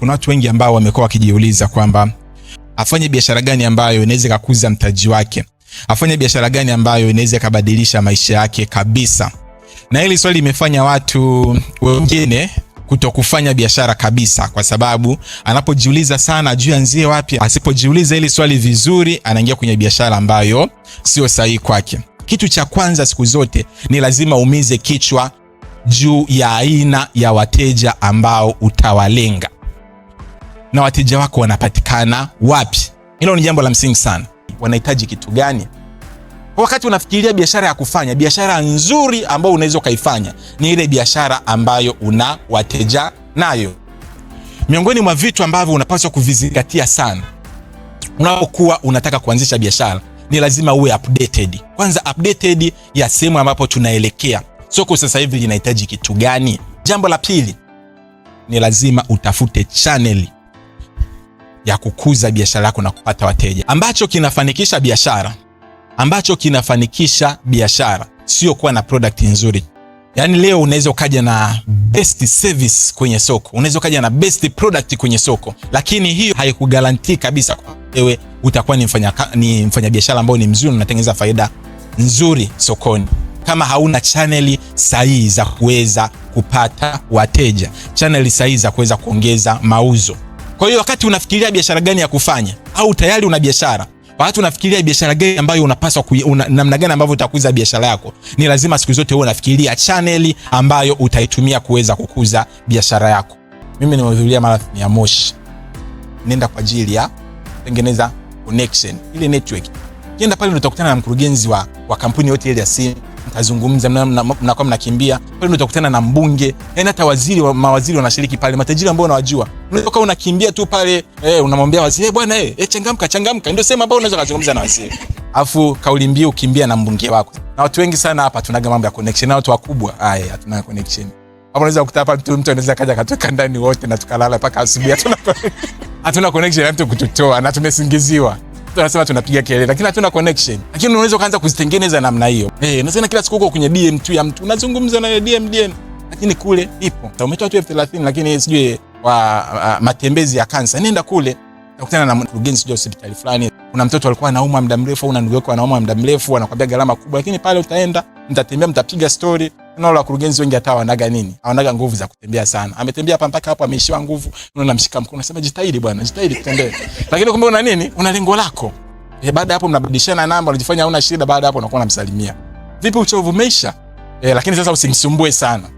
Kuna watu wengi ambao wamekuwa wakijiuliza kwamba afanye biashara gani ambayo inaweza kukuza mtaji wake, afanye biashara gani ambayo inaweza ikabadilisha maisha yake kabisa, na hili swali limefanya watu wengine kutokufanya biashara kabisa, kwa sababu anapojiuliza sana juu anzie wapi. Asipojiuliza hili swali vizuri, anaingia kwenye biashara ambayo sio sahihi kwake. Kitu cha kwanza, siku zote ni lazima umize kichwa juu ya aina ya wateja ambao utawalenga na wateja wako wanapatikana wapi. Hilo ni jambo la msingi sana. Wanahitaji kitu gani? Kwa wakati unafikiria biashara ya kufanya, biashara nzuri ambayo unaweza ukaifanya ni ile biashara ambayo una wateja nayo. Miongoni mwa vitu ambavyo unapaswa kuvizingatia sana unapokuwa unataka kuanzisha biashara ni lazima uwe updated. Kwanza updated ya sehemu ambapo tunaelekea, soko sasa hivi linahitaji kitu gani. Jambo la pili ni lazima utafute chaneli ya kukuza biashara yako na kupata wateja, ambacho kinafanikisha biashara, ambacho kinafanikisha biashara, sio kuwa na product nzuri. Yaani leo unaweza ukaja na best service kwenye soko, unaweza ukaja na best product kwenye soko, lakini hiyo haikugarantii kabisa kwa wewe utakuwa ni mfanya ni mfanyabiashara ambao ni mzuri, unatengeneza faida nzuri sokoni kama hauna chaneli sahihi za kuweza kupata wateja, chaneli sahihi za kuweza kuongeza mauzo. Kwa hiyo wakati unafikiria biashara gani ya kufanya au tayari una biashara, wakati unafikiria biashara gani ambayo unapaswa una, namna gani ambavyo utakuza biashara yako, ni lazima siku zote uwe unafikiria chaneli ambayo utaitumia kuweza kukuza biashara yako. Mimi nimehudhuria marathon ya Moshi, nenda kwa ajili ya kutengeneza connection ile network. Kienda pale utakutana na mkurugenzi wa, wa kampuni yote ile ya simu mtazungumza, mnakuwa mnakimbia pale, ndio utakutana na mbunge, yani hata waziri wa mawaziri wanashiriki pale, matajiri ambao unawajua, unaweza kuwa unakimbia tu pale eh, unamwambia waziri eh, bwana eh, eh changamka changamka, ndio sema ambao unaweza kuzungumza na waziri, afu kauli mbiu ukimbia na mbunge wako. Na watu wengi sana hapa tunaga mambo ya connection na watu wakubwa, haya hatuna connection hapo. Unaweza kukuta hapa mtu mtu anaweza kaja katoka ndani wote na tukalala mpaka asubuhi, hatuna hatuna connection na mtu kututoa na tumesingiziwa tunasema tunapiga kelele, lakini hatuna connection. Lakini unaweza ukaanza kuzitengeneza namna hiyo. Eh, unasema kila siku uko kwenye DM tu ya mtu unazungumza naye DM DM, lakini kule ipo umetoa tu elfu thelathini lakini sijui wa a, a, matembezi ya kansa, nenda kule utakutana na mkurugenzi sijui hospitali fulani, kuna mtoto alikuwa anauma muda mrefu au ndugu yako anauma muda mrefu, anakuambia gharama kubwa, lakini pale utaenda, mtatembea, mtapiga story, Nao la kurugenzi wengi hata wanaga nini? Hawanaga nguvu za kutembea sana. Ametembea hapa mpaka hapo ameishiwa nguvu. Unaona namshika mkono unasema jitahidi bwana, jitahidi kutembea. Lakini kumbe una nini? Una lengo lako. Eh, baada hapo mnabadilishana namba, unajifanya hauna shida, baada hapo unakuwa unamsalimia. Vipi uchovu umeisha? Eh, lakini sasa usimsumbue sana.